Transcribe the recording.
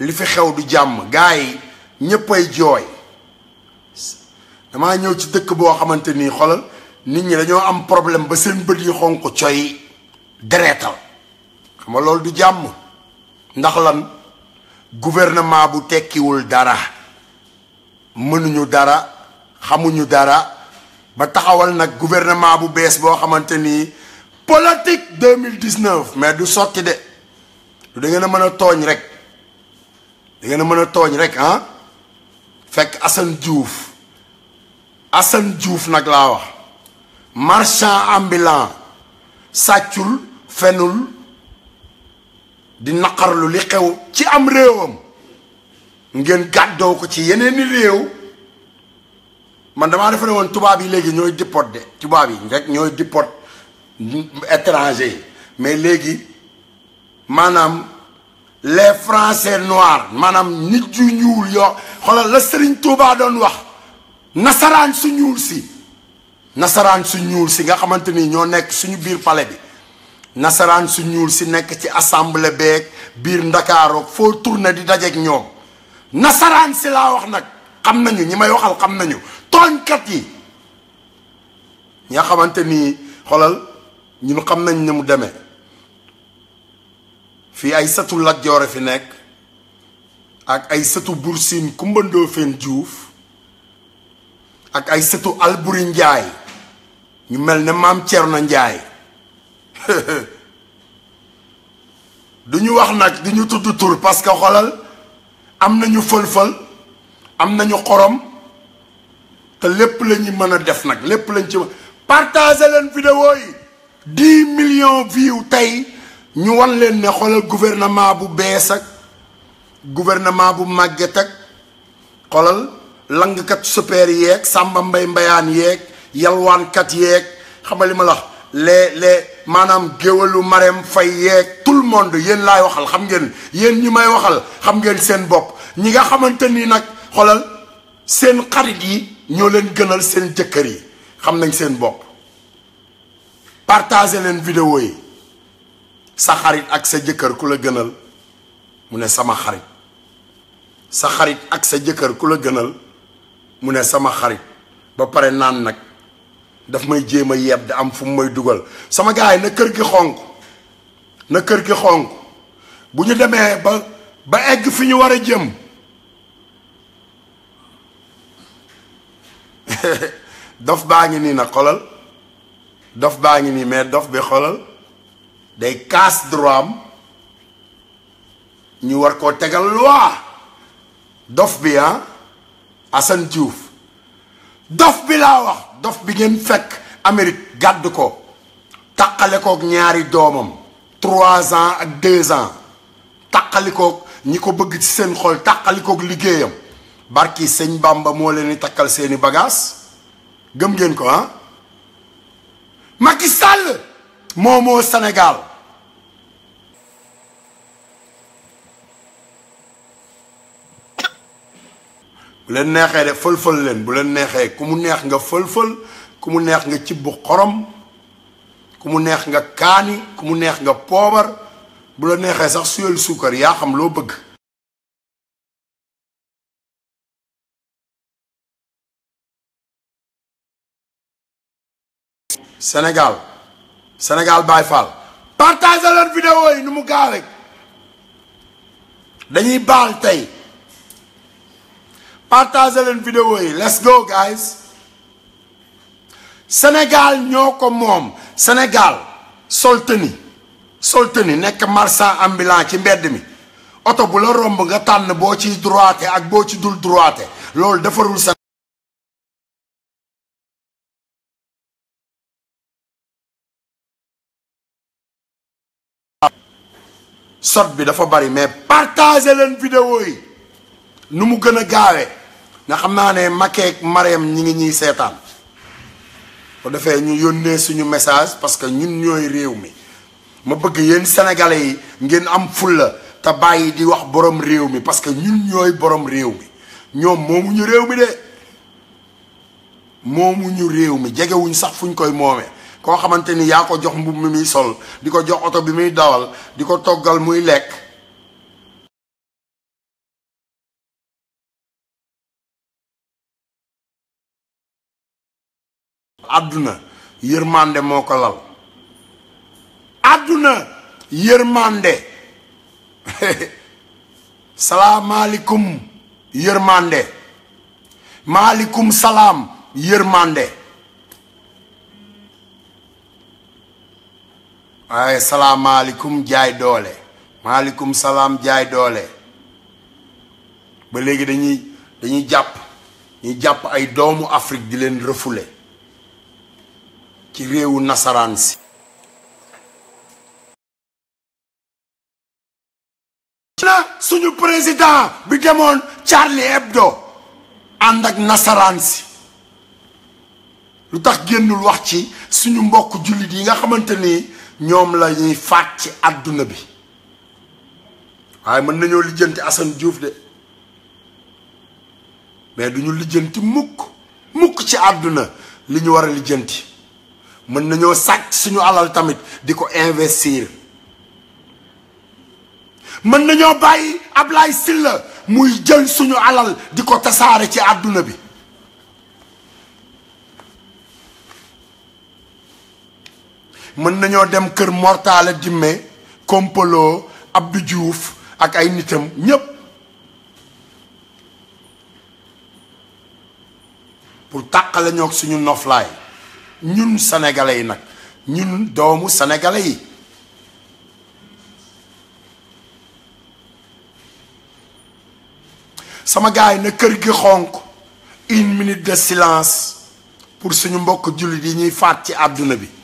li fi xew du jàmm gars yi ñëppay jooy damaa ñëw ci dëkk boo xamante ni xolal nit ñi dañoo am problème ba seen bët yi xonq coy dereetal xam nga loolu du jàmm ndax lan gouvernement bu tekkiwul dara mënuñu dara xamuñu dara ba taxawal nag gouvernement bu bees boo xamante ni politique deux mille dix mais du sotti de du da ngeen a mën a tooñ rek da ngeen a mën a tooñ rek ah fekk Assane Diouf Assane Diouf nag laa wax marchand ambulant sàccul fenul di naqarlu li xew ci am réewam ngeen gàddoo ko ci yeneen réew man damaa defe woon tubaab yi léegi ñooy dipot de tubaab yi rek ñooy dipot étranger mais léegi maanaam les français noirs maanaam nit yu ñuul yoo xoolal la Serigne Touba doon wax nasaraan su ñuul si nasaraan su ñuul si nga xamante ni ñoo nekk suñu biir pale bi nasaraan su ñuul si nekk ci assemblée beek biir ndakaaroog foo tourné di dajeeg ñoom nasaraan si laa wax nag xam nañu ñi may waxal xam nañu tooñkat yi nga xamante ni xoolal ñun xam nañ ne mu demee. fii ay sëtu Lat Joor fi nekk ak ay setu Buur Siin Kumba Juuf ak ay sëtu Alburi Njaay ñu mel ne maam na Njaay du ñu wax nag du ñu tudd tur parce que xolal am nañu fël-fël am nañu xorom te lépp lañu mën a def nag lépp lañ ci partagé leen vidéo yi view tey ñu wan leen ne xoolal gouvernement bu bees ak gouvernement bu màgget ak xoolal langkat super yeeg sàmba mbay mbayaan yeeg yalwaankat yeeg xamal li ma la wax les les maanaam géwalu marem fay yeeg tout le monde yéen laay waxal xam ngeen yéen ñi may waxal xam ngeen seen bopp ñi nga xamante ni nag xoolal seen xarit yi ñoo leen gënal seen jëkkër yi xam nañ seen bopp partagé leen video yi sa xarit ak sa jëkkër ku la gënal mu ne sama xarit sa xarit ak sa jëkkër ku la gënal mu ne sama xarit ba pare naan nag daf may jéem a yeb di am fu mu may dugal sama gars yi na kër gi xonq na kër gi xonq bu ñu demee ba egg fi ñu war a jëm dof baa ngi nii nag xolal dof baa ngi nii mais dof bi xolal day kaas droit am ñu war koo tegal loi dof bi ah Assane Diouf dof bi laa wax dof bi ngeen fekk Amérique gàdd ko taqale kook ñaari doomam trois ans ak deux ans taqali kook ñi ko bëgg ci seen xol taqali kook liggéeyam barki sëñ Bamba moo leen takkal seeni bagages gëm ngeen ko ah Macky moo moo Sénégal bu leen neexee de fël-fël leen bu leen neexee ku mu neex nga fël-fël ku mu neex nga cibbu xorom ku mu neex nga kaani ku mu neex nga poobar bu la neexee sax suyal suukar yaa xam loo bëgg senegal senegal Baye Fall leen vidéo yi nu mu gaaw rek dañuy baal tey partage leen vidéo yi let's go guys Sénégal ñoo ko moom Sénégal sol tenue nekk marchand ambulant ci mbedd mi oto bu la romb nga tànn boo ci droite ak boo ci dul droite loolu defarul sa bi dafa bari mais partage leen vidéo nu mu gën a gaawee nga xam naa ne Makeek Marème ñi ngi ñuy seetaan bu defee ñu yónnee suñu message parce que ñun ñooy réew mi ma bëgg yéen sénégalais yi ngeen am fulla te bàyyi di wax borom réew mi parce que ñun ñooy borom réew mi ñoom moomuñu réew mi de moomuñu réew mi jegewuñ sax fuñ koy moomee koo xamante ni yaa ko jox mbubb mi muy sol di ko jox oto bi muy dawal di ko toggal muy lekk àdduna yërmande moo ko lal àdduna yërmande salaamaaleykum yërmande maaleykum salaam yërmande waaye salaamaaleykum jaay doole maaleykum salaam jaay doole ba léegi dañuy dañuy jàpp ñuy jàpp ay doomu Afrique di leen refoulé ci réewu nasaraan si na suñu président bi demoon Charlie Hebdo ànd ak nasaraan si lu tax génnul wax ci suñu mbokk jullit yi nga xamante ni ñoom la ñuy faat ci àdduna bi waaye mën nañoo lijjanti Assane Diouf de mais duñu lijjanti mukk mukk ci àdduna li ñu war a lijjanti mën nañoo sàcc suñu alal tamit di ko investir mën nañoo bàyyi Ablaye Sylla muy jël suñu alal di ko tasaare ci àdduna bi mën nañoo dem kër Mortala Dimme kompoloo ab Diouf ak ay nitam ñépp pour tàqale ñoog suñu noflaay ñun sénégalais yi nag ñun doomu sénégalais yi sama gaay na kër gi xonq une minute de silence pour suñu mbokk jullit yi ñuy faat ci àdduna bi